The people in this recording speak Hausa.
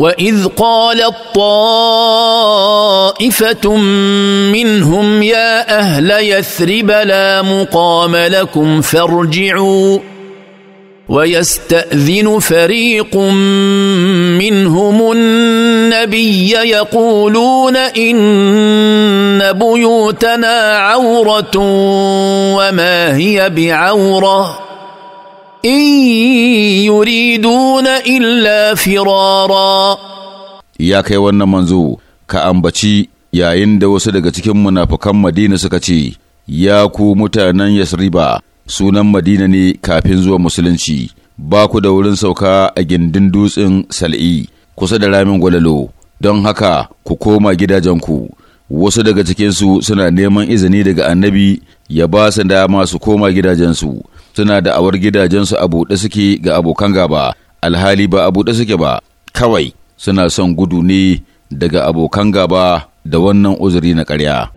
واذ قالت طائفه منهم يا اهل يثرب لا مقام لكم فارجعوا ويستاذن فريق منهم النبي يقولون ان بيوتنا عوره وما هي بعوره إن يريدون wannan manzo ka ambaci yayin da wasu daga cikin munafukan Madina suka ce ya ku mutanen Yasriba sunan Madina ne kafin zuwa musulunci ba ku da wurin sauka a gindin dutsen Sal'i kusa da ramin gwalalo don haka ku koma gidajenku wasu daga cikinsu suna neman izini daga annabi ya ba su dama su koma gidajensu suna da awar gidajensu a buɗe suke ga abokan gaba alhali ba a buɗe suke ba kawai suna son gudu ne daga abokan gaba da wannan uzuri na ƙarya